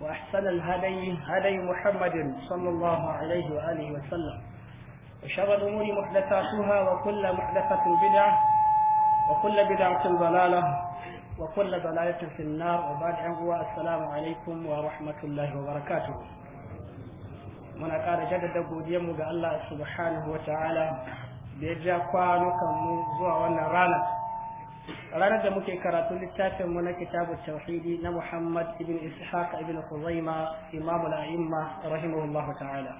وأحسن الهدي هدي محمد صلى الله عليه وآله وسلم وشر الأمور محدثاتها وكل محدثة بدعة وكل بدعة ضلالة وكل ضلالة في النار وبعد السلام عليكم ورحمة الله وبركاته من قال جدد بوديم الله سبحانه وتعالى بيجا ta'ala da زوا ونرانا ranar da muke karatu littafin mu na kitabu tauhidi na Muhammad ibn Ishaq ibn Khuzaima Imam al-A'imma rahimahullah ta'ala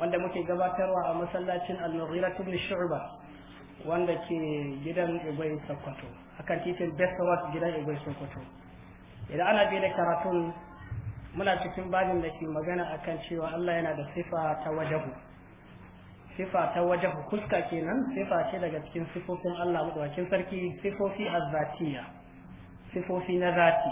wanda muke gabatarwa a masallacin Al-Mughira ibn Shu'ba wanda ke gidan Igwe Sokoto akan titin Best Road gidan Igwe Sokoto idan ana bi da karatun muna cikin babin da ke magana akan cewa Allah yana da sifa ta wajahu sifa ta wajen hukuska kenan sifa ce daga cikin sifofin Allah madaukakin sarki sifofi azzatiya sifofi na zati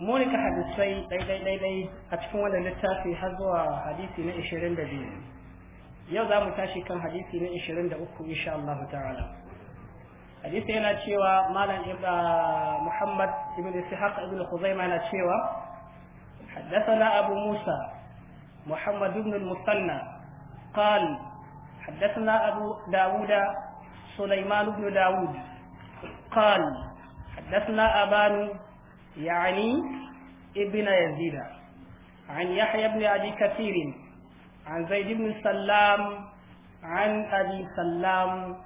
monika hadisai ɗaiɗaiɗaiɗai a cikin wannan littafi har zuwa hadisi na 22 yau za mu tashi kan hadisi na 23 insha Allah ta'ala hadisi yana cewa malam ibra ah, muhammad ibn ishaq ibn khuzaima yana cewa حدثنا أبو موسى محمد بن المثنى قال حدثنا أبو داود سليمان بن داود قال حدثنا أبان يعني ابن يزيد عن يحيى بن أبي كثير عن زيد بن سلام عن أبي سلام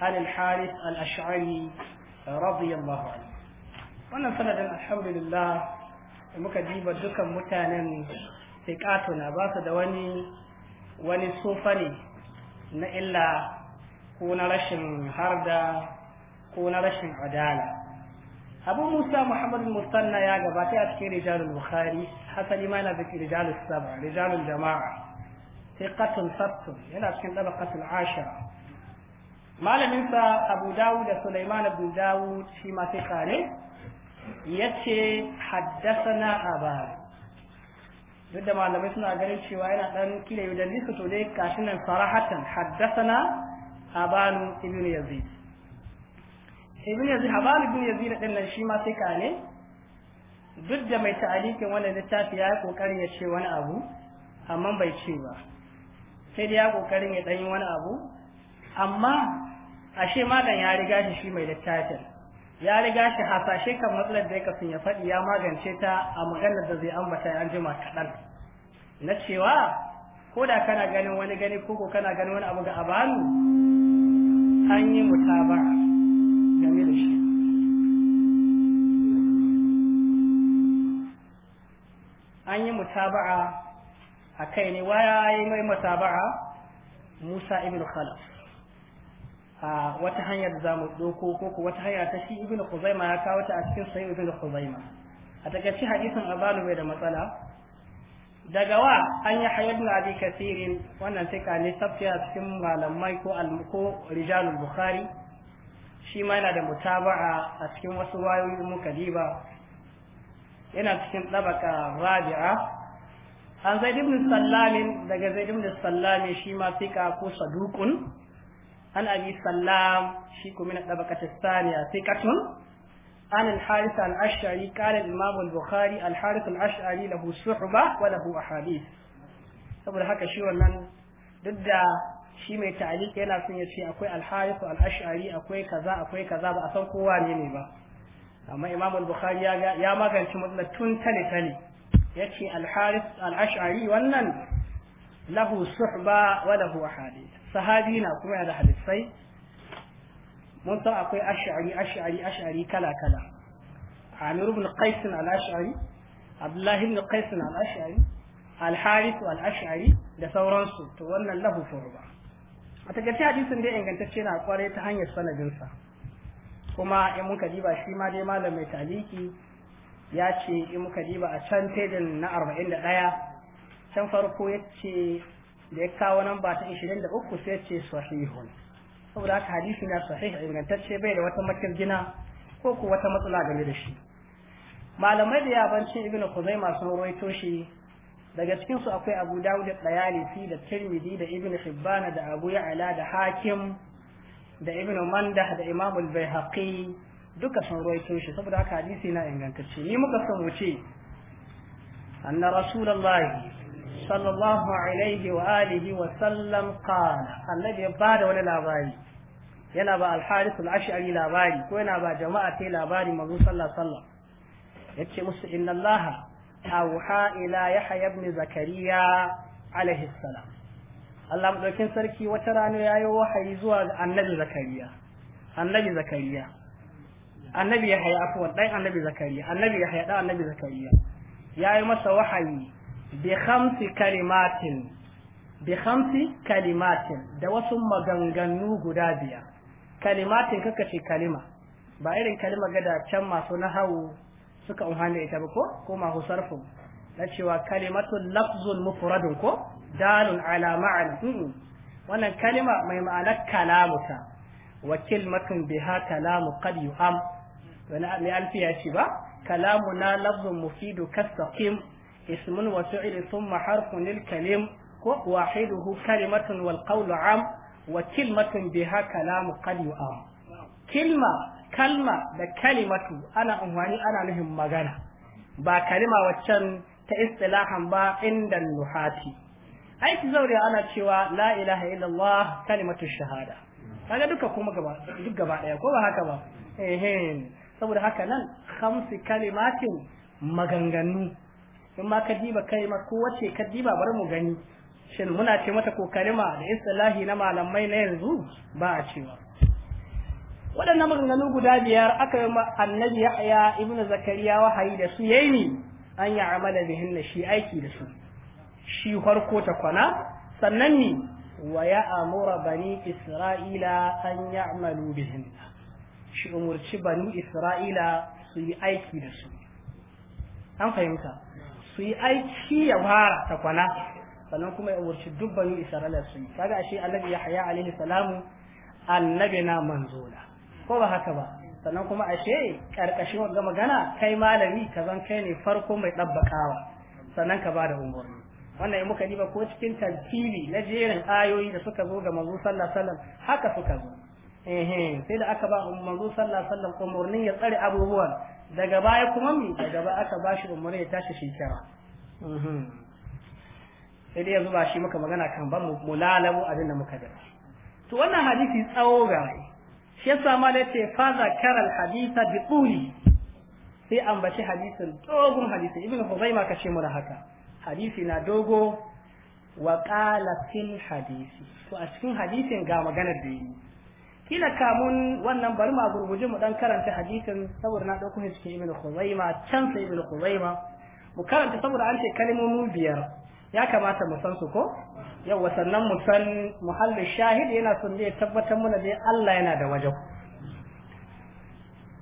عن الحارث الأشعري رضي الله عنه وانا سند الحمد لله muka diba dukan mutanen fiƙatuna ba su da wani wani sofa ne na illa ko na rashin harda ko na rashin adala abu musa Muhammadu musanna ya gabata a cikin rijalul bukhari hasali ma yana cikin rijalul saba rijalul jama'a thiqatun sabtun yana cikin dabaqatul ashara malamin sa abu dawud da Suleiman Abu dawud shi ma thiqa ne haddasa na abar duk da malamai suna ganin cewa yana dan kila yau da nisa to dai kashin nan sarahatan haddasana habanu ibn yazid ibn yazid habanu ibn yazid din nan shi ma sai ka ne duk da mai ta'alikin wannan littafi ya kokarin ya ce wani abu amma bai ce ba sai dai ya kokarin ya dan yi wani abu amma ashe malam ya riga shi mai littafin ya riga shi hasashe kan matsalar da ya kafin ya faɗi ya magance ta a maganar da zai ambata ya jima kaɗan na cewa ko da kana ganin wani gani ko ko kana ganin wani abu ga abanu an yi mutaba game da shi an yi mutaba'a a kai ne waya yi mai mutaba'a Musa ibn Khalaf a wata hanya da zamu doko ko ko wata hanya ta shi ibnu khuzaima ya kawo ta a cikin sahih ibnu khuzaima a takaice hadisin abanu bai da matsala daga wa an yi hayar na abi kasirin wannan sai ka ne a cikin malamai ko almuko rijalul bukhari shi ma yana da mutaba'a a cikin wasu wayoyin mu diba yana cikin tsabaka rabi'a an zaid ibn sallamin daga zaid ibn sallamin shi ma fika ko saduqun an abi sallam shi kuma na tabakata saniya sai katun an al-harith al-ash'ari qala al-imam al-bukhari al-harith saboda haka shi wannan duk da shi mai ta'liq yana son ya akwai al-harith akwai kaza akwai kaza ba a san kowa ne ne ba amma imam al-bukhari ya magance matsalar tun tale tale yace al-harith wannan lahu suhba wa lahu ahadith sahabi na kuma yana da hadisai mun san akwai ash'ari ash'ari ash'ari kala kala amir ibn qais al-ash'ari abdullah ibn qais al-ash'ari al-harith al-ash'ari da sauransu to wannan lahu suhba a takaice hadisin dai ingantacce na kware ta hanyar sanadinsa kuma in muka diba shi ma dai malam mai taliki ya ce in muka diba a can tedin na 41 can farko yace da ya kawo nan ba ta 23 sai yace sahihun saboda haka hadisi na sahih ingantacce bai da wata makirgina ko ko wata matsala game da shi malamai da yabancin Ibn kuzaima sun rawaito shi daga cikin su akwai abu dawud da tayalisi da tirmidhi da ibnu hibbana da abu ya'la da hakim da Ibn mandah da imam al-baihaqi duka sun rawaito shi saboda haka hadisi na ingantacce ni muka san wuce anna rasulullahi sallallahu alaihi wa alihi wa sallam kana annabi ya bada wani labari yana ba alharis al-ashari labari ko yana ba jama'a ta labari mazu sallallahu sallam yace musu inna allaha awha ila yahya zakariya alaihi salam Allah mudaukin sarki wata rana yayi wahayi zuwa ga zakariya annabi zakariya annabi yahya afwan dai annabi zakariya annabi yahya dan annabi zakariya yayi masa wahayi bi khamsi kalimatin bi khamsi kalimatin da wasu maganganu guda biyar kalimatin kaka ce kalima ba irin kalima gada can masu nahawu suka umhanda ita ba ko ko masu sarfu na cewa kalimatun lafzun mufradun ko dalun ala ma'ana wannan kalima mai ma'anar kalamuta wa kilmatun biha kalamu qad yuham wani mai alfiya ce ba kalamu na lafzun mufidu kastaqim اسم وفعل ثم حرف للكلم واحده كلمة والقول عام وكلمة بها كلام قد يؤام كلمة كلمة ده كلمة أنا أمواني أنا لهم مغانا با كلمة وشن تإصطلاحا با عند النحاة أي تزوري أنا شوى لا إله إلا الله كلمة الشهادة kaga duka kuma gaba duk gaba daya ko ba haka ba eh saboda haka nan khamsi kalimatin in ma ka diba ma ko wace ka diba bari mu gani shin muna ce mata ko kalima da istilahi na malamai na yanzu ba a cewa waɗannan maganganu guda biyar aka yi annabi yahya ibn zakariya wahayi da su yayi ni an yi amala bihin na shi aiki da su shi farko ta kwana sannan ni wa ya amura bani isra'ila an ya'malu bihin shi umurci bani isra'ila su yi aiki da su an fahimta su yi aiki ya fara ta kwana sannan kuma ya umarci duk banu isra'ila su yi kaga ashe annabi yahya alaihi salamu annabi na manzola ko ba haka ba sannan kuma ashe karkashin wanga magana kai malami ka zan kai ne farko mai dabbakawa sannan ka bada umarni wannan ya muka diba ko cikin tartibi na jerin ayoyi da suka zo ga manzo sallallahu alaihi wasallam haka suka zo eh sai da aka ba manzo sallallahu alaihi wasallam umarnin ya tsare abubuwan daga baya kuma mi daga baya aka ba shi umarni ya tashi shekara Mhm. sai dai yanzu ba shi muka magana kan ba mu lalabu abin da muka gani to wannan hadisi tsawo ga rai shi ya sama da ce fa zakaral hadisa bi tuli sai ambaci hadisin dogon hadisi ibn huzaima kace mu da haka hadisi na dogo wa qala fil hadisi to a cikin hadisin ga maganar da yi kila kamun wannan bari ma gurguje mu dan karanta hadisin saboda na dauko shi cikin ibn huzaima can sai ibn huzaima mu karanta saboda an ce kalmomi biyar ya kamata mu san su ko yau sannan mu san muhallin shahid yana son ne tabbatar mana dai Allah yana da wajen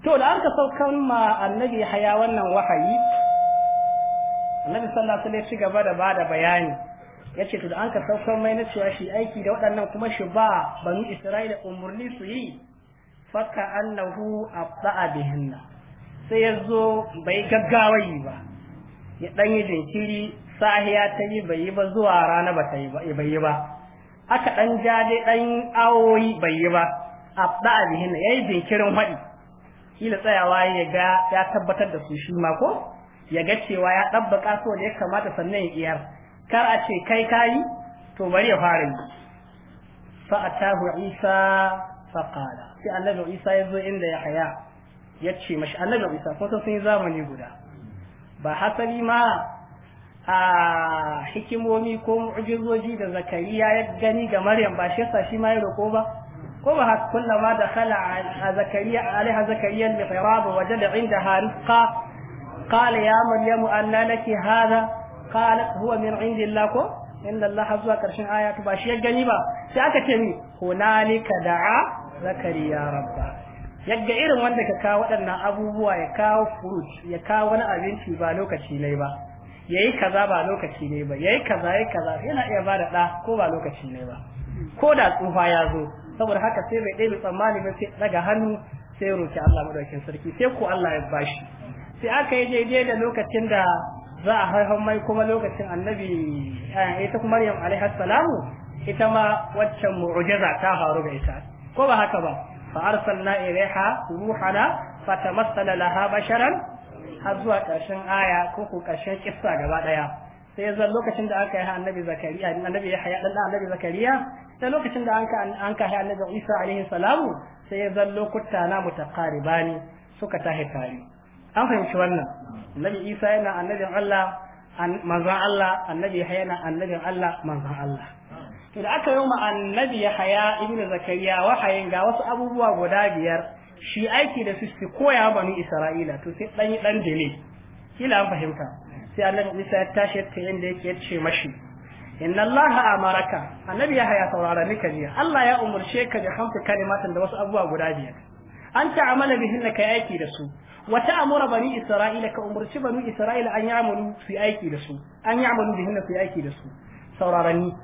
to da aka saukan ma annabi haya wannan wahayi annabi sallallahu alaihi wasallam ya ci gaba da bada bayani yace to da an ka saukan mai na cewa shi aiki da waɗannan kuma shi ba banu Isra'ila umurni su yi fakka annahu abda'a bihinna sai yazo bai gaggawayi ba ya dan yi jinkiri sahiya ta yi bai yi ba zuwa rana ba ta yi eh, bai yi ba aka dan jaje dan awoyi bai yi ba abda ya yayi jinkirin hadi kila tsayawa ya ga ya tabbatar da su shi ma ko ya ga cewa ya dabbaka so da ya kamata sannan ya iyar kar a ce kai kai to bari ya fara yi fa atahu isa fa qala sai annabi isa yazo inda ya haya ya mashi annabi isa ko sun yi zamani guda ba hasali ma a hikimomi ko mu'jizoji da zakariya ya gani ga maryam ba shi shi ma ya roko ba ko ba haka kullama da khala a zakariya alaiha zakariya al-mihrab wajada inda rizqa qala ya maryamu anna laki hada qalat huwa min indillah ko inda allaha zuwa karshen aya ba shi ya gani ba sai aka ce ni hunalika da'a zakariya rabba yadda irin wanda ka kawo waɗannan abubuwa ya kawo fruit ya kawo wani abinci ba lokaci ne ba yayi kaza ba lokaci ne ba yayi kaza yayi kaza yana iya bada da ko ba lokaci ne ba ko da tsufa ya zo saboda haka sai bai ɗaya tsammani ba sai daga hannu sai roki Allah madaukakin sarki sai ko Allah ya bashi sai aka yi daidai da lokacin da za a haifan mai kuma lokacin annabi eh, ita kuma Maryam alaihi salamu ita ma waccan mu'jiza ta faru ga ita ko ba haka ba فأرسلنا إليها روحنا فتمثل لها بشرا هزوا كرشن آية ko كرشن قصة gaba ɗaya. sai ya zan lokacin da aka yi annabi zakariya annabi yahya dan annabi zakariya sai lokacin da an anka yi annabi isa alaihi salamu sai ya zan lokuta na mutaqaribani suka tahi tare an fahimci wannan annabi isa yana annabin Allah manzon Allah annabi yahya yana annabin Allah manzon Allah da aka yi ma annabi haya, ibnu Zakariya wahayin ga wasu abubuwa guda biyar shi aiki da su su koya banu Isra'ila to sai dan dan dele kila an fahimta sai annabi Isa ya tashi ta inda yake ya ce mashi inna Allah amaraka annabi ya haya saurara ni jiya Allah ya umurce ka da hamsu kalimatan da wasu abubuwa guda biyar an ta'amala bihinna ka aiki da su wa ta'amura bani Isra'ila ka umarci Bani Isra'ila an ya'malu su aiki da su an ya'malu bihinna su aiki da su saurarani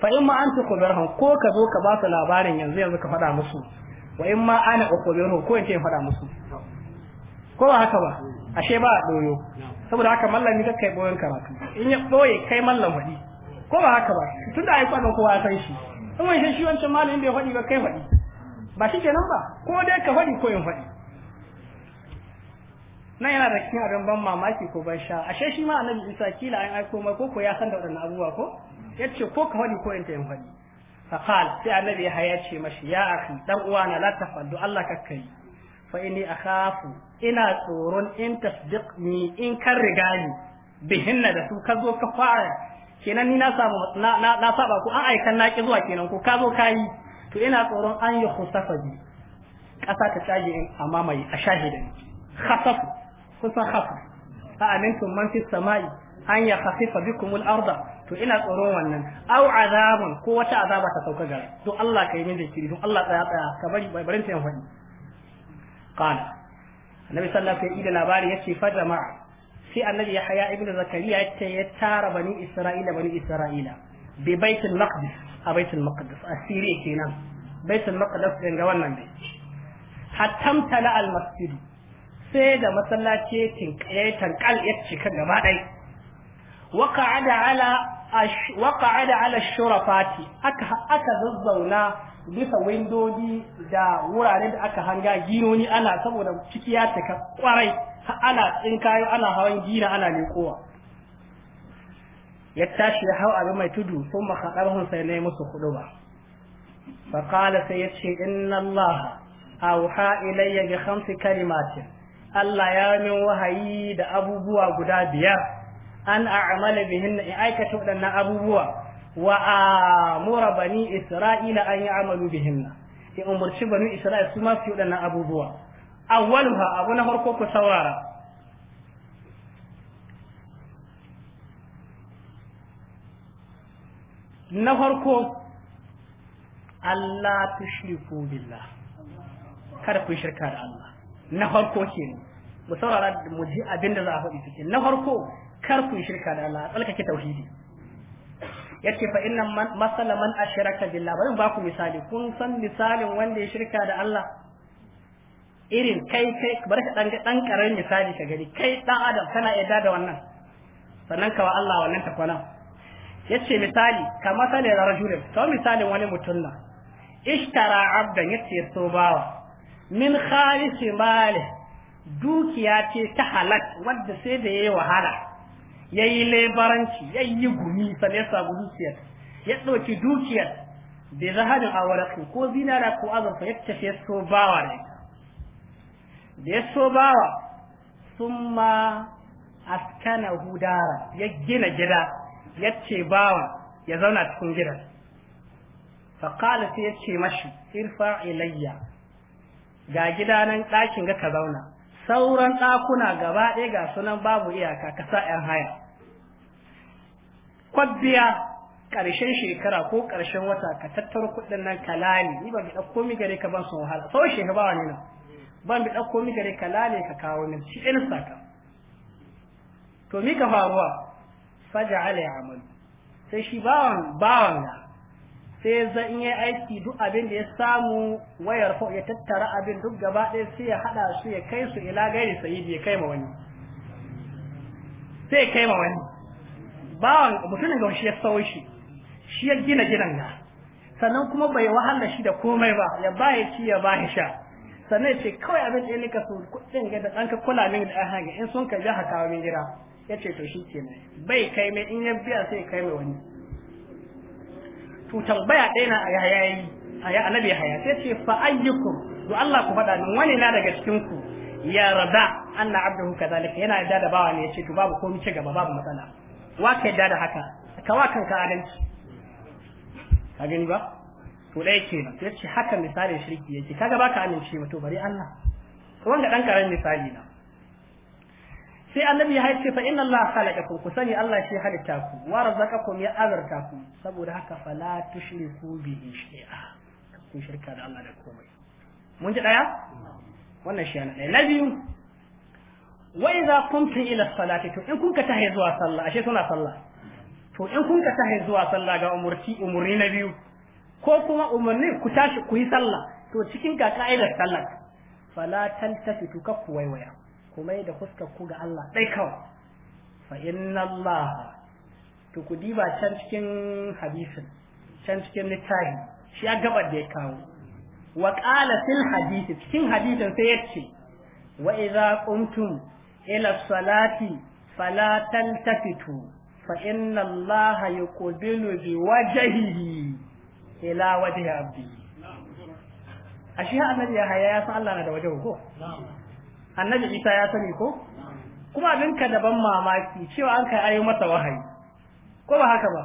fa in ma anta kubirhum ko ka zo ka ba su labarin yanzu yanzu ka faɗa musu wa in ma ana ukubirhum ko in ce faɗa musu ko ba haka ba ashe ba a ɗoyo saboda haka mallami kakka kai boyon karatu in ya ɓoye kai mallam faɗi ko ba haka ba tun da aiki wannan kowa san shi in wani shi wancan malamin bai faɗi ba kai faɗi ba shi kenan ba ko dai ka faɗi ko in faɗi nan yana da cikin abin ban mamaki ko ban sha ashe shi ma annabi isa kila an aiko mai ko ko ya san da wannan abubuwa ko yace ko ka faɗi ko in ta yin faɗi fa qal sai annabi ya ce mashi ya akhi dan uwana la tafaddu Allah ka kai fa inni akhafu ina tsoron in tasdiqni in kan riga ni bihinna da su ka zo ka fara kenan ni na samu na saba ku an aikan na ki zuwa kenan ko ka zo ka to ina tsoron an yi khusafa bi ƙasa ta caji amma mai a shahidin khasafu Kusan khafa a amintum man fi sama'i an ya khafifa bikum al-arda to ina tsoron wannan au azabun ko wata azaba ta sauka gare to Allah kai min zikiri don Allah tsaya tsaya ka bari barin ta yanfani qala annabi sallallahu alaihi wasallam labari yace fadama sai annabi yahya ibnu zakariya yace ya tara bani isra'ila bani isra'ila bi baitul maqdis a baitul maqdis asiri kenan baitul maqdis din ga wannan dai hatta tala al masjid sai da masallaci ya tinkaye tankal ya cika gaba ɗai waqa'ada ala waqa'ada shurafati aka aka zazzauna bisa windoji da wuraren da aka hanga ginoni ana saboda ciki ya cika kwarai ana tsinkayo ana hawan gina ana lekowa ya tashi ya hau abin mai tudu sun makaɗarhun sai na yi musu hudu ba faƙala sai ya ce inna allaha auha ilayya bi khamsi kalimatin Allah ya min wahayi da abubuwa guda biyar an a'mala bihin in aikata waɗannan abubuwa wa amura bani isra'ila an ya'malu bihin in umarci bani isra'ila su ma su waɗannan abubuwa awwaluha abu na farko ku tsawara, na farko Allah tushriku billah kada ku shirka da Allah na farko ke mu saurara mu ji abin da za a faɗi cikin na farko kar ku shirka da Allah tsalkake tauhidi yace fa inna masala man ashraka billah bari ba ku misali kun san misalin wanda ya shirka da Allah irin kai kai bari ka dan dan misali ka gani kai dan adam kana yadda da wannan sannan kawa Allah wannan ta kwana yace misali ka masalin rajulin to misalin wani mutum na ishtara abdan yace so bawa min kharisi mali dukiya ce ta halak wadda sai da yayi wahala yayi lebaranci yayi gumi sai ya dukiyar ya dauki dukiyar da zahabin awaraki ko zinara ko azurfa ya tafi ya so bawa ne da ya so bawa sun ma askana hudara ya gina gida ya ce bawa ya zauna cikin gidan faƙala sai ya ce mashi irfa ilayya ga gidanan nan ɗakin ga ka zauna sauran ɗakuna gaba ɗaya ga sunan babu iyaka ka sa ‘yan haya kwabbiya ƙarshen shekara ko ƙarshen wata ka tattaro kuɗin nan ka lani ni ban bi ɗauko mi gare ka ban su wahala sau shekara ba wani nan ban bi ɗauko mi gare ka lale ka kawo min shi ɗin saka to mi ka faruwa faja ala ya sai shi bawan bawan na sai zan iya aiki duk abin da ya samu wayar ko ya tattara abin duk gaba ɗaya sai ya haɗa su ya kai su ila gari sai ya kai ma wani sai ya kai ma wani bawan mutumin ga shi ya sawo shi shi ya gina gidan ga sannan kuma bai wahala shi da komai ba ya ba ya ci ya ba ya sha sannan ya ce kawai abin da ya nika su kuɗin ga da ɗan ka kula min da ɗan in sun ka ja haka wani gida ya ce to shi kenan bai kai mai in ya biya sai ya kai mai wani to tambaya ɗaya na a yaya yi a ya annabi haya sai ce fa ayyukum to Allah ku faɗa nan wani na daga cikin ku rada anna abduhu kadhalika yana da da bawa ne yace to babu komai ci gaba babu matsala wa ka da da haka ka wa kanka adalci ka gani ba to dai ke nan yace haka misalin shirki yake kaga baka amince ba to bari Allah wanda dan karen misali na sai annabi ya haice fa inna allaha khalaqakum ku sani allah shi halitta ku wa razaqakum ya azarta ku saboda haka fala tushriku bi shay'a ku shirka da allah da komai mun ji daya wannan shi na daya na biyu wa idza qumtum ila salati to in kun ka tahe zuwa sallah ashe suna sallah to in kun ka tahe zuwa sallah ga umurti umurni na biyu ko kuma umarni ku tashi ku yi sallah to cikin ga ka'idar sallah fala tantafitu kaffu waiwaya kuma da fuskar ku ga Allah ɗai kawai fa inna Allah to ku diba can cikin hadisin can cikin littafi shi ya gabar da ya kawo wa qala fil hadisi cikin hadisin sai yace wa idza qumtum ila salati fala tantafitu fa inna Allah yuqbilu bi wajhihi ila wajhi abdi ashe annabi ya haya ya san Allah na da wajen ko annabi isa ya sani ko kuma abin ka daban mamaki cewa an kai ayo masa wahayi ko ba haka ba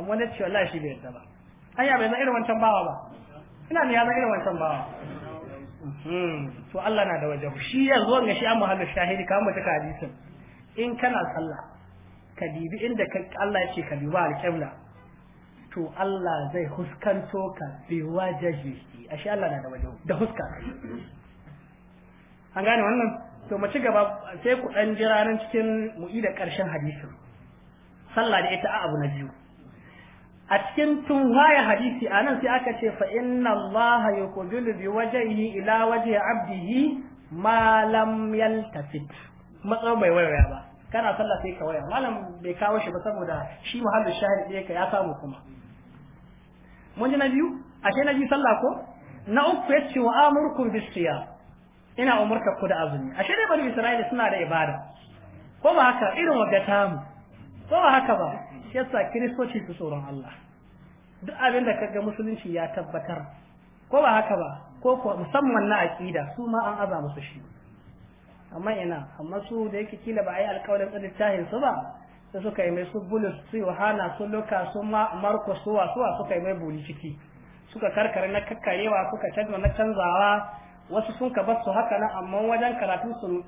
amma na ce Allah shi bai yarda ba anya bai zan irin wancan bawa ba ina ne ya zan irin wancan bawa hmm, to Allah na da waje. shi ya zo ga shi amma halu shahidi kamar mutaka ka hadisin in kana sallah ka dibi inda Allah yake ka dibi alƙibla to Allah zai huskanto ka bi wajahi ashe Allah na da waje. da huska an gane wannan to mu ci gaba sai ku dan jira nan cikin mu'i da karshen hadisin sallah da ita a abu na biyu a cikin tun waya hadisi a nan sai aka ce fa inna Allah ya bi wajhihi ila wajhi abdihi ma lam yaltafit matsawon bai waya ba kana sallah sai ka waya malam bai kawo shi ba saboda shi muhammad shahid ɗaya ka ya samu kuma mun ji na biyu ashe na biyu sallah ko na uku ya ce wa amurkum bisiya ina umurka ku da azumi ashe dai bani Isra'ila suna da ibada ko ba haka irin ta mu? ko ba haka ba yasa kiristoci su tsoron Allah duk abin da kaga musulunci ya tabbatar ko ba haka ba ko kuwa musamman na aqida su ma an aza musu shi amma ina amma su da yake kila ba a yi alƙawarin tsadittahin su ba sai suka yi mai su bulus su yohana su luka su marko su wasuwa suka yi mai buli ciki suka karkare na kakkarewa suka canza na canzawa wasu sun ka basu haka nan amma wajen karatu sun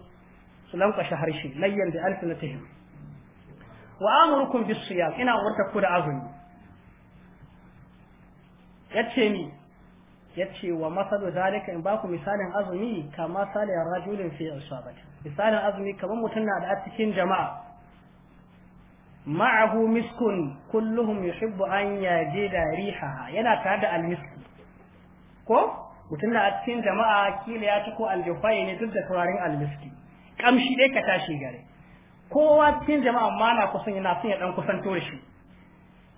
su lankwashe harshe layyan da alfinatihim wa amurukum bis siyam ina warta ku da azumi yace ni yace wa masalu zalika in baku misalin azumi kama sala rajulin fi isabati misalin azumi kaman mutum na da cikin jama'a ma'ahu miskun kulluhum yuhibbu an yajida riha yana tare da almiski ko mutum na a cikin jama'a kila ya ko aljufayi ne duk da saurarin almiski kamshi dai ka tashi gare kowa cikin jama'a ma na kusan yana son ya dan kusan da shi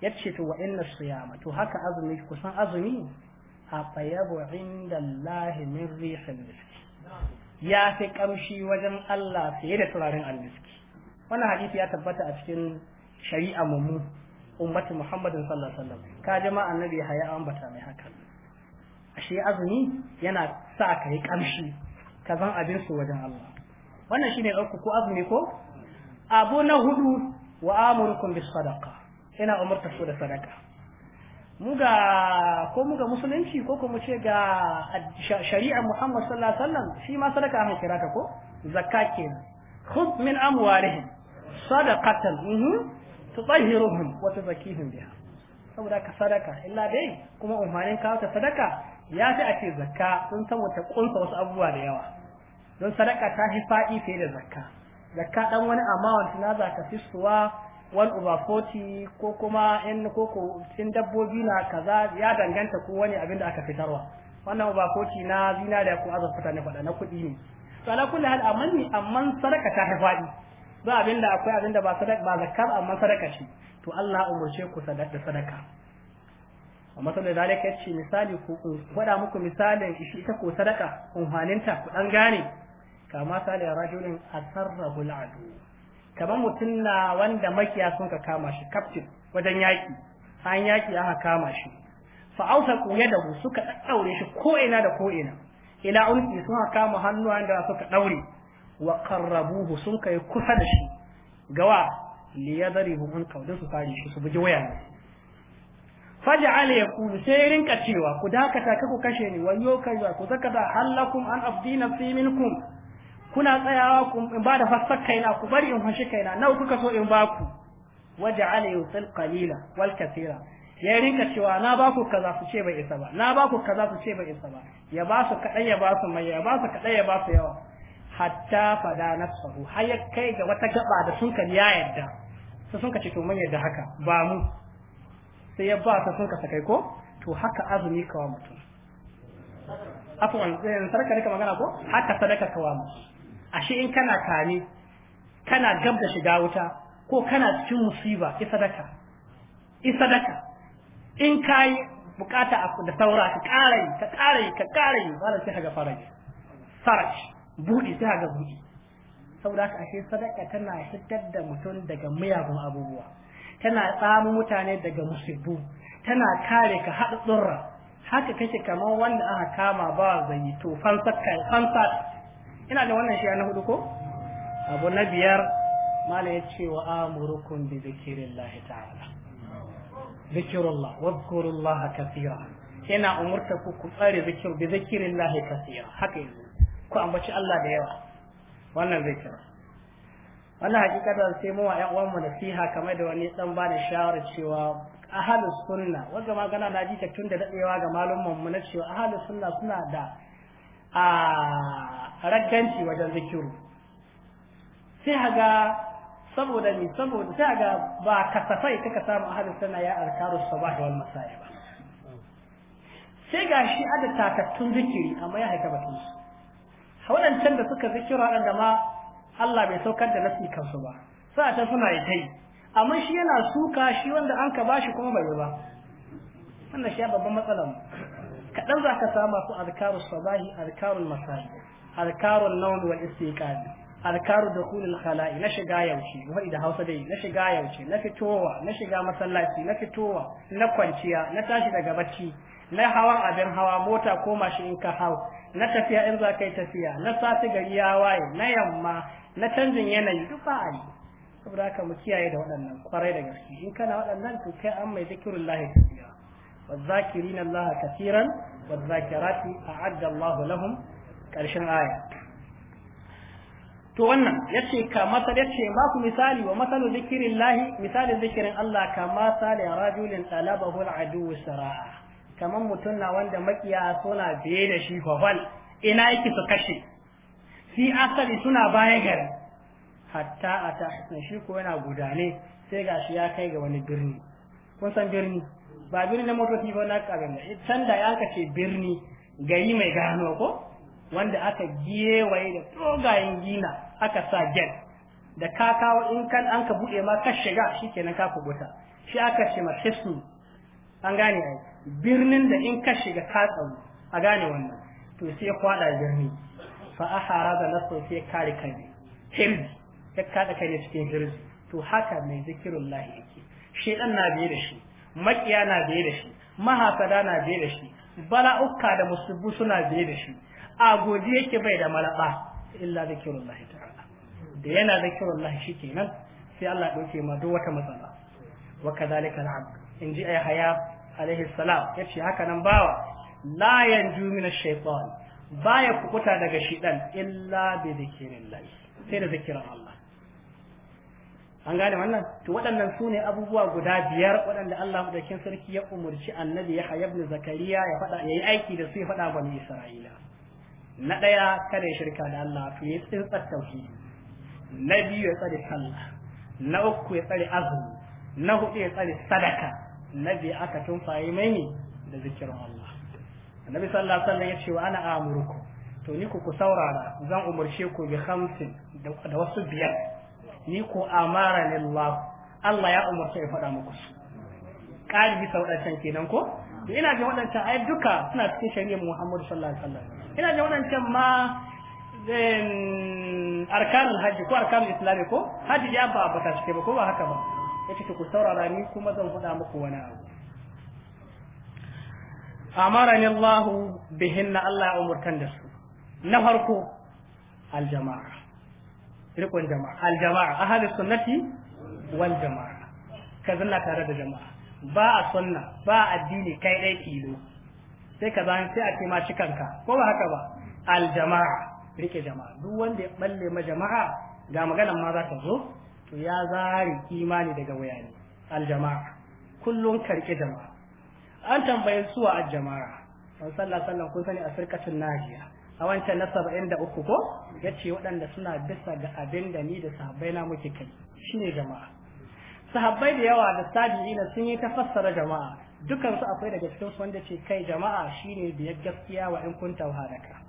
ya ce to wa inna siyama to haka azumi kusan azumi a fayabu inda Allah min rihil miski ya fi kamshi wajen Allah fiye da turaren almiski wannan hadisi ya tabbata a cikin shari'a mu ummati Muhammadin sallallahu alaihi wasallam ka jama'a annabi haya bata mai haka ashe azumi yana sa ka yi kamshi ka zan abin su wajen Allah wannan shine ɗauku ko azumi ko abu na hudu wa amurukum bis sadaqa ina umurta su da sadaka muga ko muga musulunci ko kuma ce ga shari'a Muhammad sallallahu alaihi wasallam shi ma sadaka an kira ta ko zakka kenan khudh min amwalihim sadaqatan mhm, tutahhiruhum wa tuzakkihim biha saboda ka sadaka illa dai kuma umarin ka ta sadaka ya fi ake zakka sun san wata kunsa wasu abubuwa da yawa don sadaka ta fi faɗi fiye da zakka zakka dan wani amount na zaka suwa 1 over forty ko kuma in koko cikin dabbobi na kaza ya danganta ko wani abin da aka fitarwa wannan over forty na zinariya ko azurfa ne faɗa na kuɗi ne to ala kulli hal amma ni amma sadaka ta fi faɗi ba abin da akwai abin da ba sadaka ba zakka amma sadaka ce. to Allah umurce ku sadaka sadaka wa masalan zalika yace misali ku gwada muku misalin shi ita ko sadaka unhaninta ku dan gane kama sale rajulin asarrahu al'adu kaman mutum na wanda makiya sun ka kama shi captain wajen yaki an yaki aka kama shi fa ausaku yadahu suka daure shi ko ina da ko ina ila unki sun kama hannuwan da suka daure wa qarrabuhu sun kai kusa da shi gawa liyadribu an kaudin su kare shi su buji waya faj'al yaqulu sai rinka cewa ku dakata ka ku kashe ni wayo kai ku da halakum an afdina fi minkum kuna tsayawa ku ba da fassar kaina ku bari in fashi kaina na kuka so in baku waj'al yusil qalila wal kathira ya rinka cewa na ba ku kaza su ce bai isa ba na ba ku kaza su ce bai isa ba ya ba su kadai ya ba su mai ya ba su kadai ya ba su yawa hatta fada na hayya kai ga wata gaba da sun kan ya yadda sun ka ce to mun yadda haka ba mu sai ya ba ta sun ka sakai ko to haka azumi wa mutum afwan eh, sadaka sarka ka magana ko haka sadaka wa mutum ashe in kana kame kana gab da shiga wuta ko kana cikin musiba ki sadaka in sadaka in kai bukata da saura ka kare ka kare ka kare wannan sai kaga faraj faraj budi sai kaga budi saboda ka ashe sadaka tana hiddar da mutum daga miyagun abubuwa tana tsamo mutane daga musibu tana kare ka haɗa tsurra haka kake kamar wanda aka kama ba zai to fansa ina da wannan shi na hudu ko abu na biyar mala ya ce wa amurukum bi lahi ta'ala zikirullah wadhkurullah kafira. yana umurta ku ku tsare zikirin lahi kafira. haka yanzu ku ambaci Allah da yawa wannan zikir wannan hakikatar sai mu wa ƴan uwan mu nasiha kamar da wani dan ba da shawara cewa ahlus sunna wanda magana na ji ta tun da dadewa ga malumman mu na cewa ahlus sunna suna da a ragganci wajen zikiru sai haga saboda ni saboda sai haga ba kasafai kaka samu ahlus sunna ya alkaru sabah wal masa'i ba sai gashi ada takattun zikiri amma ya haika batun su can da suka zikira da ma Allah bai saukar da nasi kansu ba sa ta suna yi tai amma shi yana suka shi wanda an ka bashi kuma bai ba wannan shi babban matsalar kaɗan za ka sama su azkaru sabahi azkarun masai azkarun nawm wal istiqaz alkaru da kulul khala'i na shiga yaushe wani da hausa dai na shiga yaushe na fitowa na shiga masallaci na fitowa na kwanciya na tashi daga bacci na hawan abin hawa mota ko mashi in ka hau na tafiya in za ka yi tafiya na sati gari ya waye na yamma na canjin yanayi duk ba a yi saboda haka mu kiyaye da waɗannan kwarai da gaske in kana waɗannan to kai an mai zikirin lahi kasira wa zakirina allaha kasiran wa zakirati a'adda allahu lahum ƙarshen aya to wannan yace ka masal yace ba ku misali wa masalu zikrillahi misalin zikirin Allah ka masalin rajulin talabahu al'adu sara'a kaman mutum na wanda makiya suna biye da shi fafal ina yake su kashe fi asali suna baya gari hatta a ta shi ko yana gudane sai ga shi ya kai ga wani birni kun san birni ba birni na motoci ba na karin can da ya ce birni gari mai gano ko wanda aka gewaye da tsogayen gina aka sa gel da ka kawo in kan an ka buɗe ma ka shiga shi kenan ka kubuta shi aka ce ma an gane birnin da in ka shiga ka tsaro a gane wannan to sai kwada birni fa ahara da nasu sai kare kai hirzi ya kada kai ne cikin hirzi to haka mai zikirun lahi yake shedan na biye da shi makiya na biye da shi mahasada na biye da shi bala'ukka da musubbu suna biye da shi a goji yake bai da malaba illa zikirun lahi ta'ala da yana zikirun shi kenan, sai Allah ɗauke ma duk wata matsala wa kadhalika al'abd in ji ai haya alaihi salam yace haka nan bawa la yanju min ash baya kukuta daga shidan illa bi zikrillah sai da zikirin Allah an gane wannan to waɗannan su ne abubuwa guda biyar waɗanda Allah madaukin sarki ya umurci annabi ya hayab ibn zakariya ya faɗa yayi aiki da su ya faɗa bani isra'ila na ɗaya kada ya shirka da Allah to yi tsintsar tauhidi na biyu ya tsare sallah na uku ya tsare azumi na hudu ya tsare sadaka na biyu aka tumfaye mai ne da zikirin Allah annabi sallallahu alaihi wasallam ya ce wa ana amurku to ni ku ku saurara zan umarce ku bi hamsin da wasu biyar ni ku amara lillah Allah ya umarce ya faɗa muku su Kari bisa waɗancan kenan ko to ina jin waɗancan ayat duka suna cikin shari'ar Muhammad sallallahu alaihi wasallam ina jin waɗancan ma arkanul hajji ko arkanul islami ko hajji ya ba ba ta cike ba ko ba haka ba yace ku saurara ni kuma zan faɗa muku wani abu amarani Allah bihinna Allah ya umurtan da su na farko aljama'a rikon jama'a aljama'a ahalus sunnati wal jama'a ka zanna tare da jama'a ba a sunna ba a addini kai dai kilo sai ka zan sai a ce ma cikanka ko ba haka ba aljama'a rike jama'a duk wanda ya balle ma jama'a ga maganan ma za ta zo to ya zari imani daga wayani aljama'a ka karke jama'a an tambayi suwa a jama'a don sallah sallan kun sani a firkatun najiya a wancan na saba'in da uku ko ya ce waɗanda suna bisa ga abin da ni da sahabbai na muke kai shine jama'a sahabbai da yawa da tabi'ina sun yi ta fassara jama'a dukansu akwai daga cikin su wanda ce kai jama'a shine biyar gaskiya wa in kun tauhadaka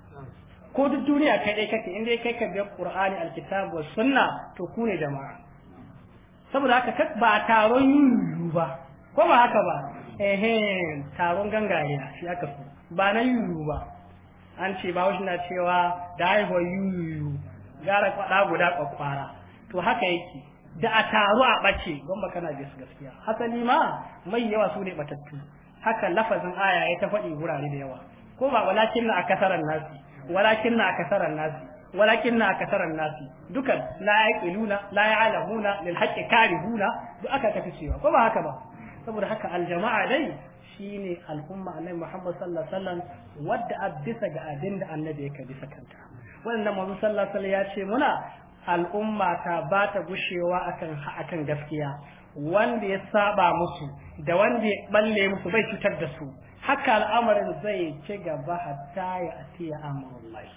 ko duk duniya kai dai kake in dai kai ka biyar ƙur'ani, alkitab wa sunna to ku ne jama'a saboda haka ba taron yuyu ba ko ba haka ba ehen taron gangariya shi aka so ba na yuyu ba an ce ba na cewa da haihuwar yuyu gara kwaɗa guda kwakwara to haka yake da a taru a ɓace don ba kana jesu gaskiya hasali ma mai yawa su ne batattu haka lafazin aya ya ta faɗi wurare da yawa ko ba walakin na a kasarar nasi walakin na a kasarar nasi walakin na kasarar nasi dukan la ƙiluna la ya'lamuna lil haƙƙi karihuna duk aka tafi ko ba haka ba saboda haka aljama'a dai shine al'umma annabi Muhammad sallallahu alaihi wasallam wadda addisa ga abin da annabi yake bisa kanta wannan manzo sallallahu alaihi ya ce muna al'umma ta ba ta gushewa akan akan gaskiya wanda ya saba musu da wanda ya balle musu bai cutar da su haka al'amarin zai ci gaba hatta ya atiya amurullahi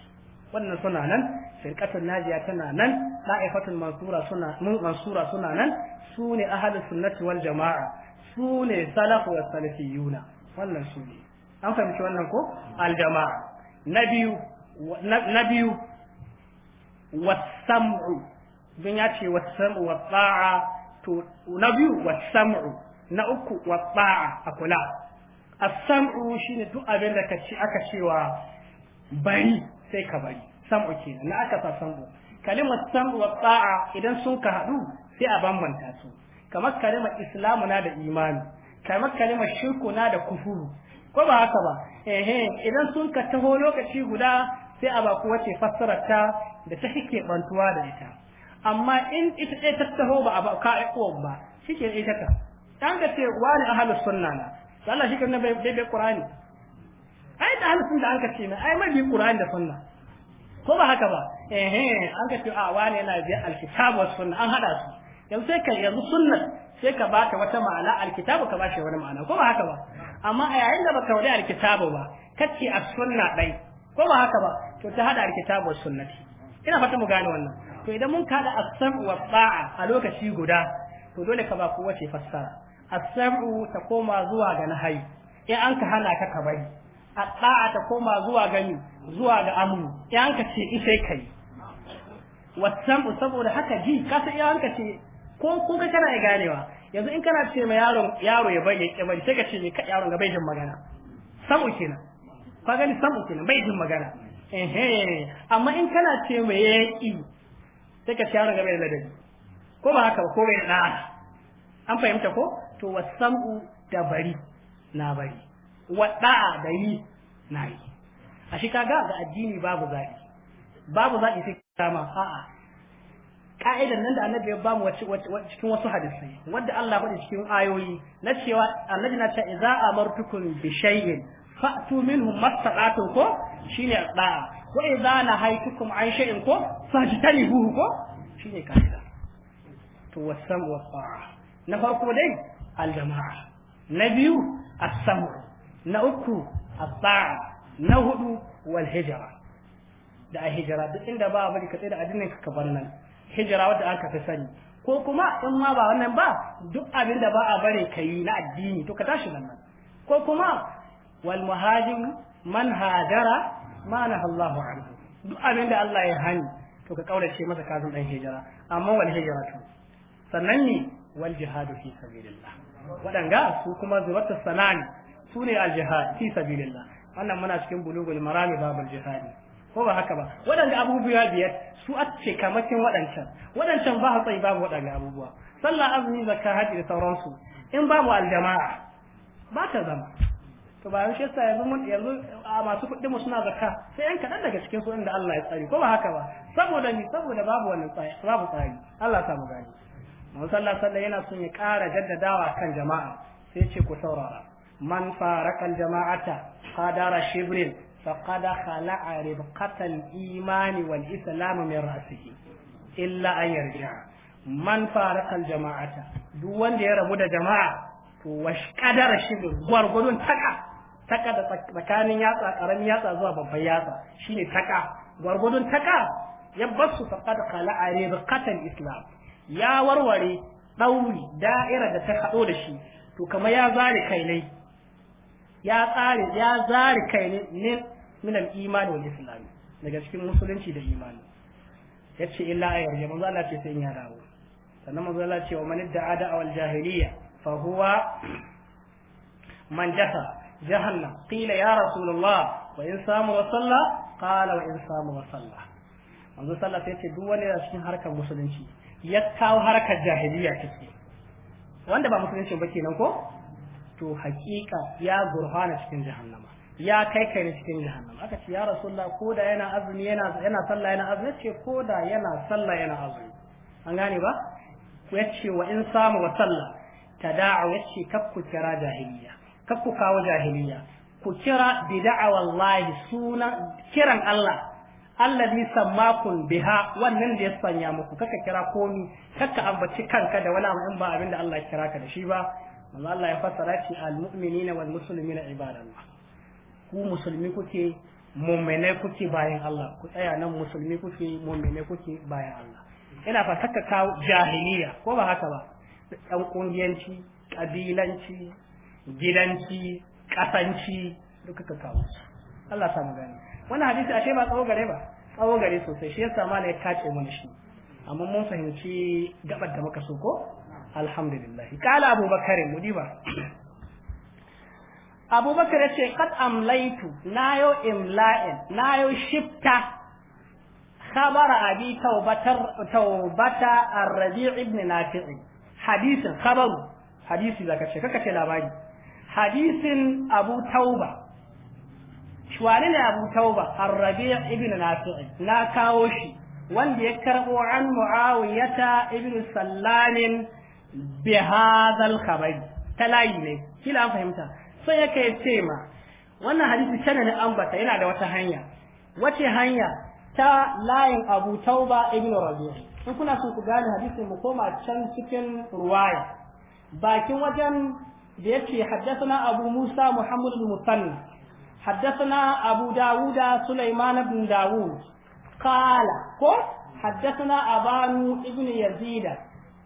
wannan suna nan firqatul najiya tana nan da'ifatul mansura suna mansura suna nan sune ahlus sunnati wal jama'a su ne salafu wa salafiyuna wannan su ne an fahimci wannan ko aljama'a na biyu na biyu wasam'u don ya ce wasam'u wa ta'a to na biyu wasam'u na uku wa ta'a a kula as-sam'u shine duk abin da kace aka cewa bari sai ka bari sam'u kenan na aka sa sam'u kalimar sam'u wa ta'a idan sun ka hadu sai a bambanta su kamar kalima islamu na da imani kamar kalima shirku na da kufuru ko ba haka ba ehe idan sun ka taho lokaci guda sai a ba kuwa ce ta da ta shike bantuwa da ita amma in ita ce ta taho ba a ba ka ikuwan ba kike ita ta dan da ce wani ahlus sunna na Allah shi kan bai bai Qur'ani ai da ahlus da an ka ce na ai mai bi Qur'ani da sunna ko ba haka ba ehe an ka ce a wani yana bi alkitab sunna an hada su yanzu sai ka yanzu sunna sai ka baka wata ma'ana alkitabu ka bashi wani ma'ana ko ba haka ba amma a yayin da baka wani alkitabu ba kace a sunna dai ko ba haka ba to ta hada alkitabu sunnati ina fata mu gane wannan to idan mun kada as-sam'u wa ta'a a lokaci guda to dole ka ba wace fassara as-sam'u ta koma zuwa ga nahayi in an ka hana ka ka bari at-ta'a ta koma zuwa ga ni zuwa ga amru in an ka ce isai kai wa sam'u saboda haka ji ka sai in an ka ce ko ko ka kana ganewa yanzu in kana ce ma yaron yaro ya bai ya bari sai ka ce ne ka yaron ga bai jin magana samu kenan ka gani samu kenan bai jin magana eh amma in kana ce ma yayi sai ka ce yaron ga bai ladabi ko ba haka ba ko bai da an fahimta ko to wasam'u da bari na bari wada'a da yi na yi a shi kaga ga addini babu zaɓi babu zaɓi sai kama a'a ka'idan nan da annabi ya ba mu cikin wasu hadisai wanda Allah bada cikin ayoyi na cewa annabi na cewa idza amartukum bi shay'in fa'tu minhu mastata'tum ko shine da'a wa idza nahaytukum an shay'in ko fajtanibuhu ko shine ka'ida to wasam wa ta'a na farko dai al jama'a na biyu as-sam na uku at-ta'a na hudu wal hijra da a hijra duk inda ba a ka tsaya da addinin ka ka bar nan hijira wadda an kafi sani ko kuma in ma ba wannan ba duk abin da ba a bare ka yi na addini to ka tashi nan ko kuma wal man hajara ma Allahu anhu duk abin da Allah ya hani to ka kaurace masa kazan dan hijira amma wal hijira to sannan ni wal jihadu fi sabilillah wadanga su kuma zuwata sanani su ne al jihad fi sabilillah wannan muna cikin bulugul marami babul jihadi ko ba haka ba waɗanda abubuwa biyar su a ce kamakin waɗancan waɗancan ba ba babu waɗanda abubuwa sallah azumi zakka haji da sauransu in babu aljama'a ba ta zama to ba yaushe sa yanzu mun yanzu a masu kuɗin mu suna zakka sai yan kaɗan daga cikin su inda Allah ya tsari ko ba haka ba saboda ni saboda babu wannan tsari babu tsari Allah ta mu gani mun sallah sallah yana son ya ƙara jaddadawa kan jama'a sai ce ku saurara man faraka jama'ata qadara shibrin فقد خلع ربقة الإيمان والإسلام من رأسه إلا أن يرجع من فارق الجماعة دون دير مدى جماعة واشكدر الشبل ورغلون تكا تكا تكان ياتا قرن ياتا زوا بابا ياتا شيني تكا ورغلون تكا يبس فقد خلع ربقة الإسلام يا وروري ɗauri da'ira da ta haɗo da shi to kama ya zare kai ne ya tsare ya zari kai ne min al-iman wal islam daga cikin musulunci da imani yace illa ayyar ya manzo Allah ce sai in ya dawo sannan manzo Allah ce wa man da'a da wal jahiliya fa huwa man jaha jahannam qila ya rasulullah wa in samu wa salla qala wa in samu wa salla manzo sallah sai ce duk wani da cikin harkar musulunci ya kawo harkar jahiliya take wanda ba musulunci ba kenan ko to hakika ya gurhana cikin jahannama ya kai kai ne cikin jahannama aka ce ya rasulullah ko da yana azumi yana yana sallah yana azumi ce ko da yana sallah yana azumi an gane ba yace wa in samu wa sallah tada'u yace kakku kira jahiliya kakku kawo jahiliya ku kira bid'a wallahi suna kiran Allah allazi sammakun biha wannan da ya sanya muku kaka kira komi kaka ambaci kanka da wani abu in ba abinda Allah ya kira ka da shi ba manzo Allah ya fassara shi al-mu'minina wal muslimina ibadallah ku musulmi kuke mu'mine kuke bayan Allah ku tsaya nan musulmi kuke mu'minai kuke bayan Allah ina fa saka kawo jahiliya ko ba haka ba dan kungiyanci kabilanci gidanci kasanci duka ka kawo Allah ta mu gani wannan hadisi ashe ba tsawo gare ba tsawo gare sosai shi yasa ma ya kace mun shi amma mun fahimci gabar da muka so ko alhamdulillah kala abubakar mudiba abubakar yace qad amlaitu nayo imla'in nayo shifta khabara abi tawbatar tawbata ar-rabi' ibn nafi' hadisin khabaru hadisi zaka ce kaka ce labari hadisin abu tauba shuwane ne abu tauba ar-rabi' ibn nafi' na kawo shi wanda ya karbo an muawiyata ibn sallamin bi hadhal khabari talayi ne kila an fahimta sai yake ce ma wannan hadisi sanan ambata yana da wata hanya wace hanya ta layin Abu Tauba ibn Rabi' in kuna so ku gane hadisin mu koma can cikin ruwaya bakin wajen da yace haddathana Abu Musa Muhammad al-Musanni abu Dawuda داود bin dawud داود ko حدثنا abanu Ibn Yazida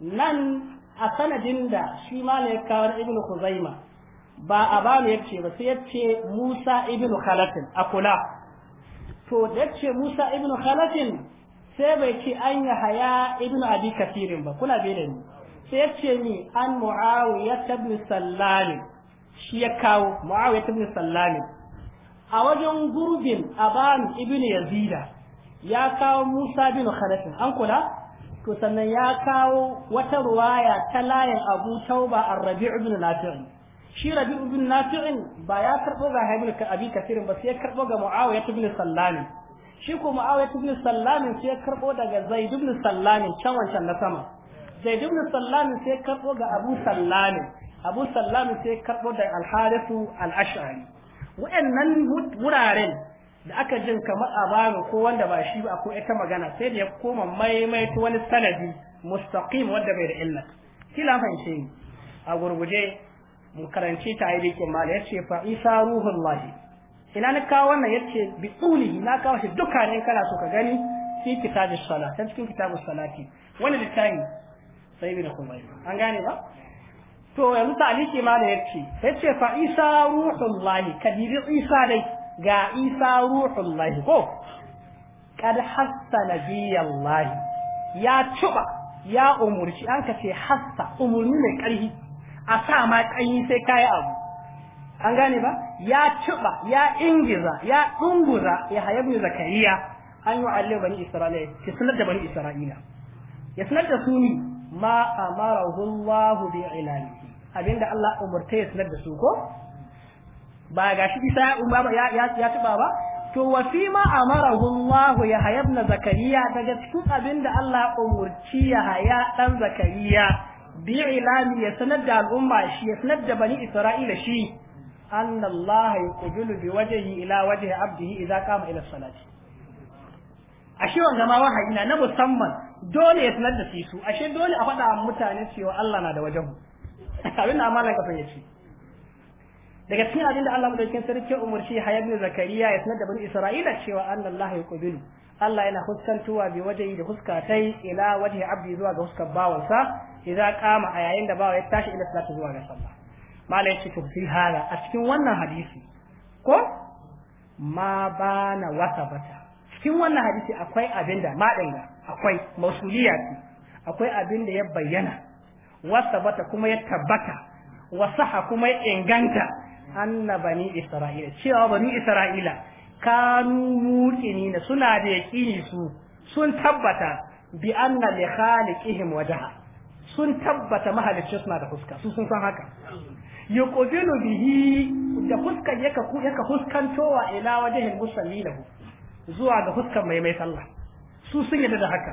nan. a sanadin da shi mala ya kawo Ibn khuzaima ba a ba ya ce ba sai ya musa ibn khalatin a kula to da musa ibnu khalatin sai bai ce an ya haya ibn abi Kathirin ba kuna bai da ni sai ya ni an Muawiyah ibn sallam shi ya kawo Muawiyah ibn sallam a wajen gurbin aban ibn yazida ya kawo musa ibn khalatin an kula to sannan ya kawo wata ruwaya ta layin abu tauba a rabi ibn nafi'in shi rabi ibn nafi'in ba ya karɓo ga ibn abi kasirin ba sai ya karɓo ga muawiya ibn sallami shi ko muawiya ibn sallami sai ya karɓo daga zaid ibn sallami can wancan na sama zaid ibn sallami sai ya karɓo ga abu sallami abu sallami sai ya karɓo daga al-harisu al-ash'ari wa'annan wuraren da aka jin kamar a ko wanda ba shi ba ko ita magana sai da ya koma maimaita wani sanadi mustaqim wanda bai da illa kila fahimce ni a gurguje mu karanci ta yi dake mala yace fa isa ruhullah ina na kawo wannan yace bi tsulihi na kawo shi duka ne kana so ka gani fi kitabus sala ta cikin kitabus salati wani littafi sai bi da kuma an gane ba to yanzu ta alike mala yace yace fa isa ruhullah kadiri isa dai ga isa ruhullahi ko kad hassa ya cuba ya umurci an ka ce hassa umurni mai karfi a sa ma kanyi sai kayi abu an gane ba ya cuba ya ingiza ya dungura ya hayabu zakariya an yi wa'alle bani isra'ila ya sanar da bani isra'ila ya sanar da su ni ma amarahu allah bi ilani abinda allah umurta ya sanar da su ko ba ga shi isa ya ya tuba ba to wasima fi ma Allah ya hayabna zakariya daga cikin abin da Allah umurci ya haya dan zakariya bi ilami ya sanar da al'umma shi ya sanar da bani isra'ila shi anna Allah yuqbilu bi wajhi ila wajhi abdihi idza qama ila salati ashe wannan ma wahayi na na musamman dole ya sanar da su ashe dole a faɗa mutane cewa Allah na da wajen abin da amalan ka fayyace daga cikin abin da Allah dauke sarki umar umarci Yahya ibn Zakariya ya sanar da bani Isra'ila cewa annallahu Allah yaqbilu Allah yana huskantuwa bi wajhi da huskatai ila wajhi abdi zuwa ga huskar bawansa idan kama a yayin da bawa ya tashi ila salatu zuwa ga sallah malai ce fi hala a cikin wannan hadisi ko ma bana wasabata cikin wannan hadisi akwai abin da ma akwai mausuliya akwai abin da ya bayyana wasabata kuma ya tabbata wasaha kuma ya inganta anna bani isra'ila cewa bani isra'ila kanu na suna da yaqini su sun tabbata bi anna li khaliqihim wajha sun tabbata mahalicci suna da fuska su sun san haka yuqbilu bihi da fuska yaka ku yaka towa ila wajhil musallilahu zuwa ga fuskan mai mai sallah su sun yadda da haka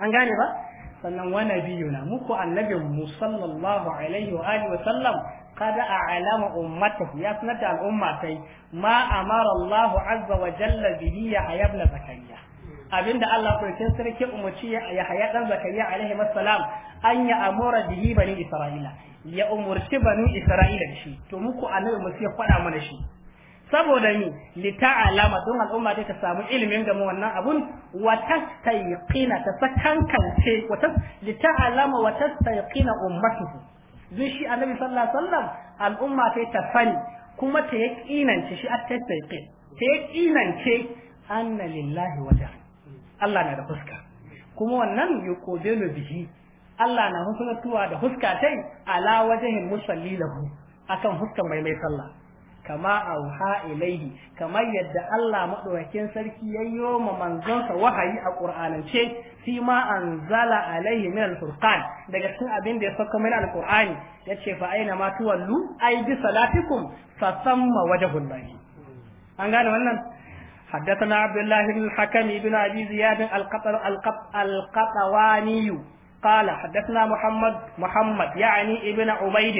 an gane ba sannan wa nabiyuna muku annabin mu sallallahu alaihi wa alihi wa sallam kada a'lama ummatahu ya sanar da al'umma sai ma amara Allahu azza wa jalla ya ibn zakariya abinda Allah kurkin sarki umuci ya haya dan zakariya alaihi wassalam an ya amura bihi bani isra'ila ya umurci bani isra'ila da shi to muku ya faɗa mana shi saboda ni li ta'alama don al'umma ta samu ilimin game wannan abun wa tastayqina ta sakankance wa li ta'alama wa tastayqina ummatuhu duk shi annabi sallallahu alaihi wasallam al'umma ta ta fani kuma ta yaƙinance shi at tasdiqi ta yaƙinance anna lillahi wajha Allah na da fuska kuma wannan yuqadilu bihi Allah na hukuntuwa da huska tai ala wajhin musalli lahu akan huskan mai mai sallah kama auha ilaihi kamar yadda Allah madaukakin sarki yayyo ma manzonsa wahayi a Qur'anance fi ma anzala alaihi min al-furqan daga cikin abin da ya sauka min al-Qur'ani yace fa aina ma tuwallu ay bi salatikum fa thamma wajhullahi an gane wannan حدثنا عبد الله بن الحكم بن ابي زياد القطر القطواني قال حدثنا محمد محمد يعني ابن عبيد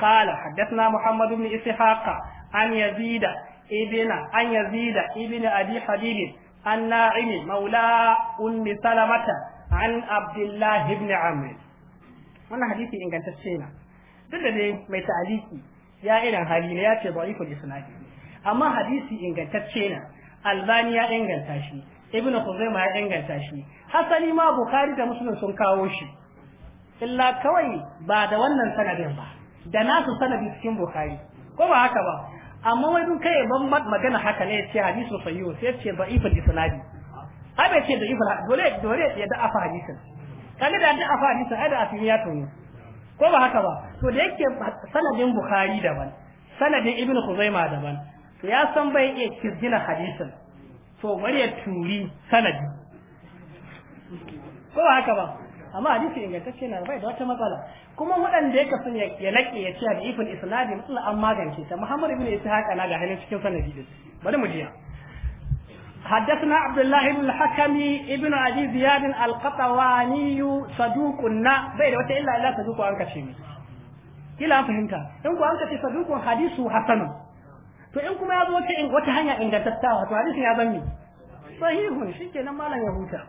قال حدثنا محمد بن اسحاق an yazida Ibina, an yazida ibn abi habib an na'im maula ummi salamata an abdullah ibn amr wannan hadisi ingantacce na duk da dai mai ta'aliki ya irin hali ne ya ce da'iful isnadi amma hadisi ingantacce na albani ya inganta shi ibn khuzaimah ya inganta shi hasali ma bukhari da muslim sun kawo shi illa kawai ba da wannan sanadin ba da nasu sanadi cikin bukhari ko ba haka ba amma wai dun kai ban magana haka ne ce hadisu sayyu sai yace da'ifal sanadi ai bai ce da'ifal dole dole ya da afa hadisin kalle da da afa hadisin ai da afin ya tono ko ba haka ba to da yake sanadin bukhari daban sanadin ibnu khuzaima daban to ya san bai iya kirjina hadisin to bari ya turi sanadi ko ba haka ba amma hadisi ingantacce na bai da wata matsala kuma waɗanda ya kasu ya laƙe ya ce da ifin isnadi matsala an magance ta muhammad ibn haƙa na ga halin cikin sanadi din bari mu jiya حدثنا عبد الله بن الحكم ابن ابي زياد القطواني صدوقنا بيد وتا الا الا صدوق an kace mi kila an fahimta in ku an kace saduqun hadisu hasanun to in kuma ya zo wata hanya ingantattawa to hadisin ya zan mi sahihun shikenan malam ya huta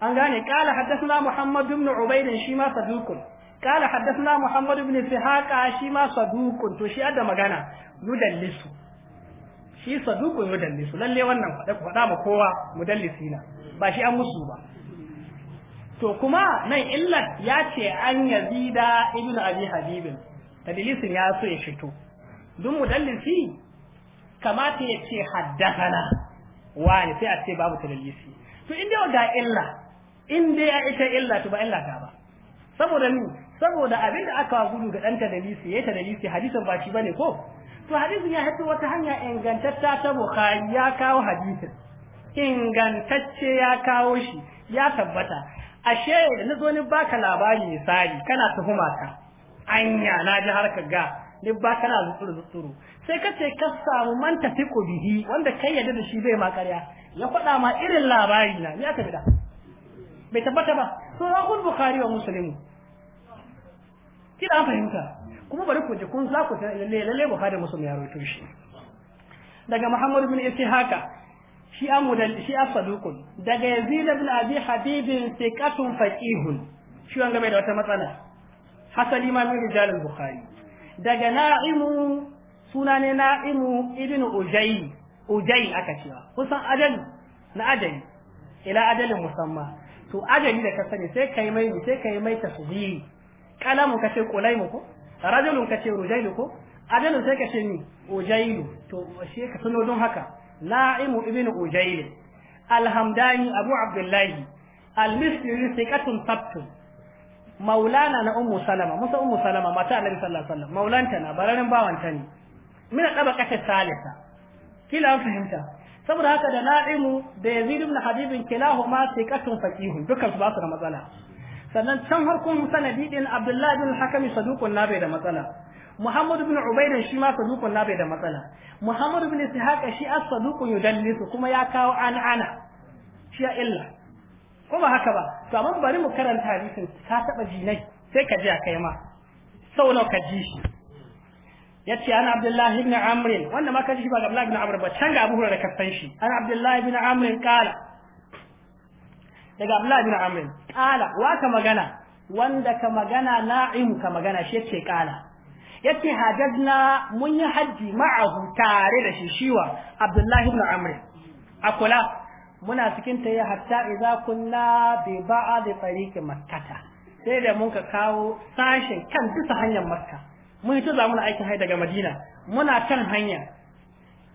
an gane qala haddathana muhammad ibn ubayd shi ma saduqun qala haddathana muhammad ibn sihaqa shi ma saduqun to shi adda magana mudallisu shi saduqun mudallisu lalle wannan kwada kwada ma kowa mudallisina ba shi an musu ba to kuma nan illa ya ce an yazida ibn abi habibin tadlisin ya so ya fito dun mudallisi kamata ya ce haddasana wani sai a ce babu tadlisi to inda da illa in dai ya ita illa to ba illa ta ba saboda ni saboda abin da aka gudu ga ɗanta da lisi ya ta da lisi hadisin ba shi bane ko to hadisin ya haɗu wata hanya ingantatta ta bukhari ya kawo hadisin ingantacce ya kawo shi ya tabbata ashe da na zo ni baka labari misali kana tuhuma ka anya na ji harka ga ni ba kana zutsuru zutsuru sai ka ce ka samu man tafiku bihi wanda kai yadda da shi bai ma ƙarya ya faɗa ma irin labari na ni aka da bai tabbata ba kun bukhari wa muslim kina an fahimta kuma bari ku ji kun za ku lalle lalle bukhari muslim ya rawaito shi daga muhammad ibn ishaq shi amudal shi asadukun daga yazid ibn abi habibin thiqatun faqihun shi wanga bai da wata matsala hasali ma min rijal bukhari daga na'imu sunane na'imu ibn ujay ujay aka cewa kusan adal na adan ila adalin musamman. to ajali da ka sani sai kai mai sai kai mai tasbiri kalamu kace qulaimu ko rajulun kace rujailu ko ajalun sai kace ni ujailu to shi ka sano don haka la'imu ibnu ujailu alhamdani abu abdullahi almisri thiqatun sabtun maulana na ummu salama musa ummu salama mata annabi sallallahu alaihi wasallam maulanta na bararin bawanta ne mina daba kace salisa kila fahimta saboda haka da na'imu da yazid ibn habibin sai thiqatun faqihun dukkan su ba su da matsala sannan can harkun sanadi din abdullahi bin hakami saduqun na bai da matsala Muhammad ibn Ubayd shi ma saduqun na bai da matsala Muhammad ibn Ishaq shi as saduqun yudallisu kuma ya kawo an ana shi ya illa ko ba haka ba to amma bari mu karanta hadisin ka taba jinai sai ka ji kai ma sau nawa ka ji shi yace ana abdullahi ibn amr wanda ma kashi ba ga abdullahi ibn amr ba can ga abu hurairah ka san shi ana abdullahi ibn amr kala daga abdullahi ibn amr kala wa ka magana wanda ka magana na'im ka magana shi yace kala yace hajjna mun yi haji ma'ahu tare da shi shiwa abdullahi ibn amr akula muna cikin ta ya hatta idza kunna bi ba'd tariqi makkah sai da mun ka kawo sashen kan duka hanyar makka mun ta za na aikin hai daga madina muna kan hanya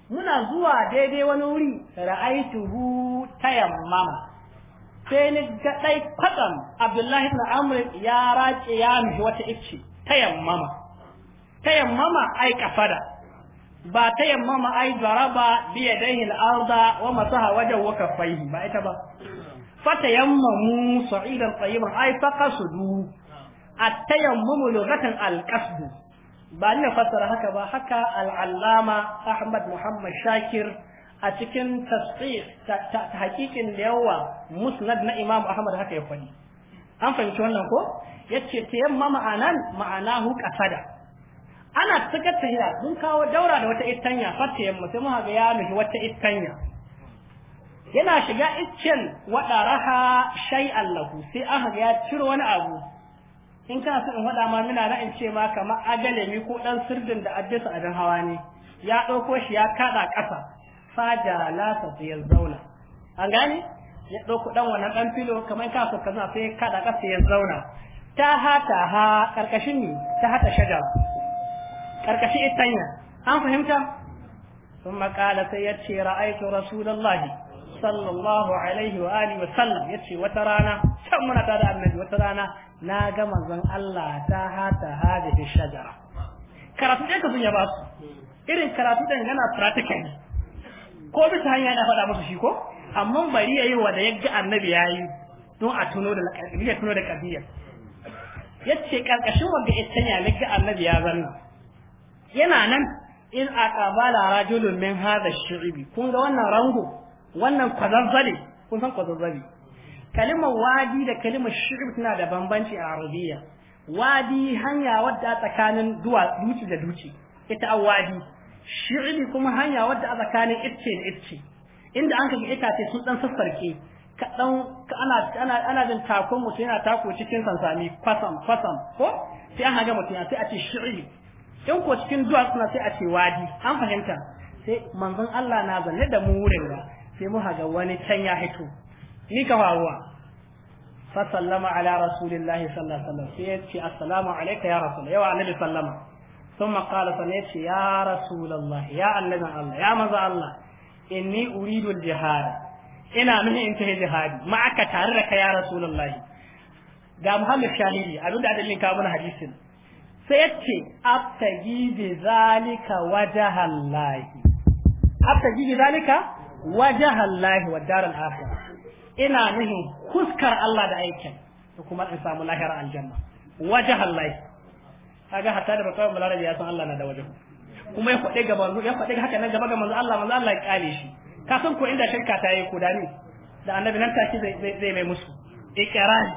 muna zuwa daidai wani wuri ra'aituhu tayammama sai ni ga dai kwatsam abdullahi na amr ya race ya mishi wata icce Ta yamma ai kafada ba tayammama ai daraba bi yadayhi al-arda wa masaha wajen wa kaffayhi ba ita ba fatayammamu sa'idan tayyiban ai faqasudu at-tayammumu lughatan al-qasd ba ni fassara haka ba haka al'allama Ahmad Muhammad Shakir a cikin tasfir ta hakikin da yawa musnad na Imam Ahmad haka ya faɗi an fahimci wannan ko yace ta yamma ma'anan ma'anahu qasada ana cikin tahiya mun kawo daura da wata itanya fatta yamma sai muka ga ya nufi wata itanya. yana shiga iccen wadaraha shay'an lahu sai aka ga ya ciro wani abu in kana so in faɗa ma muna ra'in ce ma kamar agalemi ko ɗan sirdin da addisa abin hawa ne ya ɗauko shi ya kaɗa ƙasa faja ta ya zauna an gane ya ɗauko ɗan wannan ɗan filo kamar kana so kaza sai kaɗa ƙasa ya zauna ta hata ha ƙarƙashin ne ta hata shagara ƙarƙashin itanya an fahimta sun maƙala sai ya ce ra'aitu rasulallahi sallallahu alaihi wa alihi wa sallam ya ce wata rana can muna tare da annabi wata rana na ga manzon Allah ta hata da shajara karatu da kafin ya ba su irin karatu dangana practically ko bisa hanya yana faɗa musu shi ko amma bari yayi wa da yaga annabi yayi don a tuno da ya tuno da kabiya yace karkashin wanda ya tanya naga annabi ya zanna yana nan in aqabala rajulun min hadha ash-shu'bi kun ga wannan rango wannan kwazazzale kun san kwazazzale kalimar wadi da kalimar shirk suna da bambanci a arabiya wadi hanya wadda tsakanin duci da duci ita a wadi shirk kuma hanya wadda a tsakanin itce da itce inda an kaga itace sun dan sassarke kaɗan ana ana, ana jin takon mutum yana tako cikin sansami kwasam kwasam ko sai an haga mutum sai a ce shiri in ko cikin duwatsu na sai a ce wadi an fahimta sai manzon Allah na zalle da mu wurin sai mu haga wani can ya hito ni ka faruwa fa sallama ala rasulillahi sallallahu alaihi wasallam sai ya ce assalamu alayka ya rasul yawa annabi sallama ثم ya سنيت ya رسول Allah, ya maza Allah. يا مزا الله إني أريد الجهاد إنا من انتهى جهادي معك تارك يا رسول الله ga Muhammad Shahidi abin da adalin kawo mana hadisin sai yace abtagi bi zalika wajhallahi abtagi bi zalika wajhallahi wa daral akhirah ina nuhin huskar Allah da aikin da kuma in samu lahira aljanna wajh Allah kaga hatta da bakawai balarabi ya san Allah na da wajen kuma ya faɗi ga manzo ya faɗi haka nan gaba ga manzo Allah manzo Allah ya kale shi ka san ko inda shirka ta yi ko da ni da annabi nan take zai zai mai musu iqrar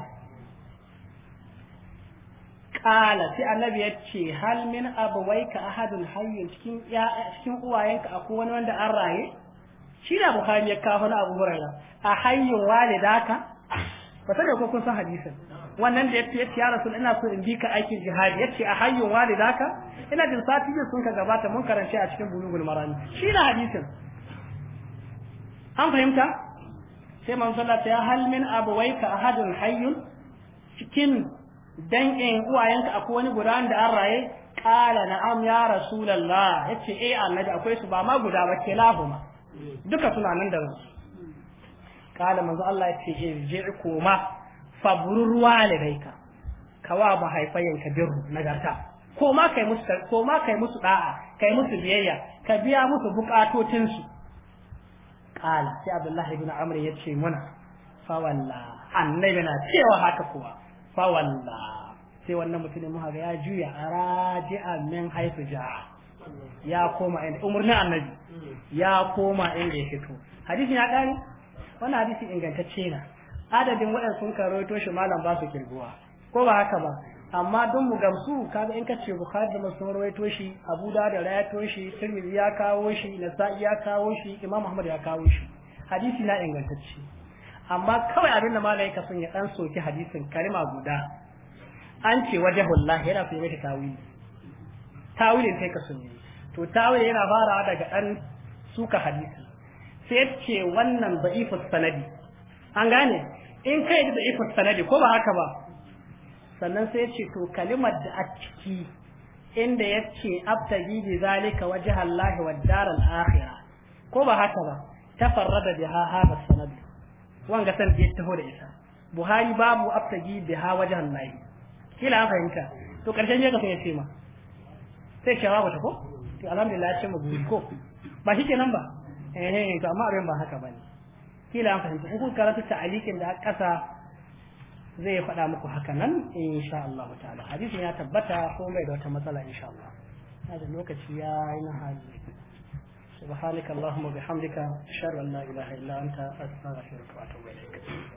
kala sai annabi ya ce hal min abawaika ahadun hayyin cikin cikin uwayenka akwai wani wanda an raye shi na bukhari ya kawo na abu huraira a hayyun walidaka ba sai ko kun san hadisin wannan da yace yace ya rasul ina so in bi ka aikin jihadi yace a hayyun walidaka ina jin sati ne sun ka gabata mun karance a cikin bulugul marami shi na hadisin an fahimta sai man sallata ya hal min a hadin hayyun cikin dan in uwayenka akwai wani guda da an raye qala na'am ya rasulullah yace eh annabi akwai su ba ma guda ba ke duka suna nan da wasu. kala manzo Allah ya ce je koma fabrur walidaika kawa ba haifayen ka birru nagarta koma kai musu koma kai musu da'a kai musu biyayya ka biya musu bukatotin su kala sai Abdullahi ibn Amr ya ce muna fa walla annabi na cewa haka kuwa fa walla sai wannan mutumin muhaga ya juya a raji'a min haifu ja'a ya koma inda umarnin annabi ya koma inda ya fito hadisi ya kare wannan hadisi ingantacce na adadin waɗanda sun to shi malam ba su kirguwa ko ba haka ba amma don mu gamsu kaga in kace bukhari da muslim rawaito shi abu da da rawaito shi tirmidhi ya kawo shi nasa'i ya kawo shi imam ahmad ya kawo shi hadisi na ingantacce amma kawai abin da ka sun ya dan soki hadisin kalima guda an ce wajahullahi yana fi mata tawili tawilin sai ka sunni to tawil yana fara daga dan suka hadisi sai ce wannan da'ifus sanadi an gane in kai da da'ifus sanadi ko ba haka ba sannan sai ce to kalimar da a ciki inda ya ce abtagi bi zalika wajh Allah wa dar al akhirah ko ba haka ba tafarrada ha hada sanad ga san bi taho da ita buhari babu abtagi ha wajh Allah kila an fahimta to karshen ya ka sai ce ma sai shawa ta ko to alhamdulillah ya ce mu gudu ko ba shi kenan ba eh eh to amma abin ba haka bane kila an fahimta in kun karanta ta'alikin da kasa zai faɗa muku haka nan insha Allah ta'ala hadisin ya tabbata ko mai da wata matsala insha Allah hada lokaci ya yi na hali subhanakallahumma bihamdika ashhadu an la ilaha illa anta astaghfiruka wa atubu ilaik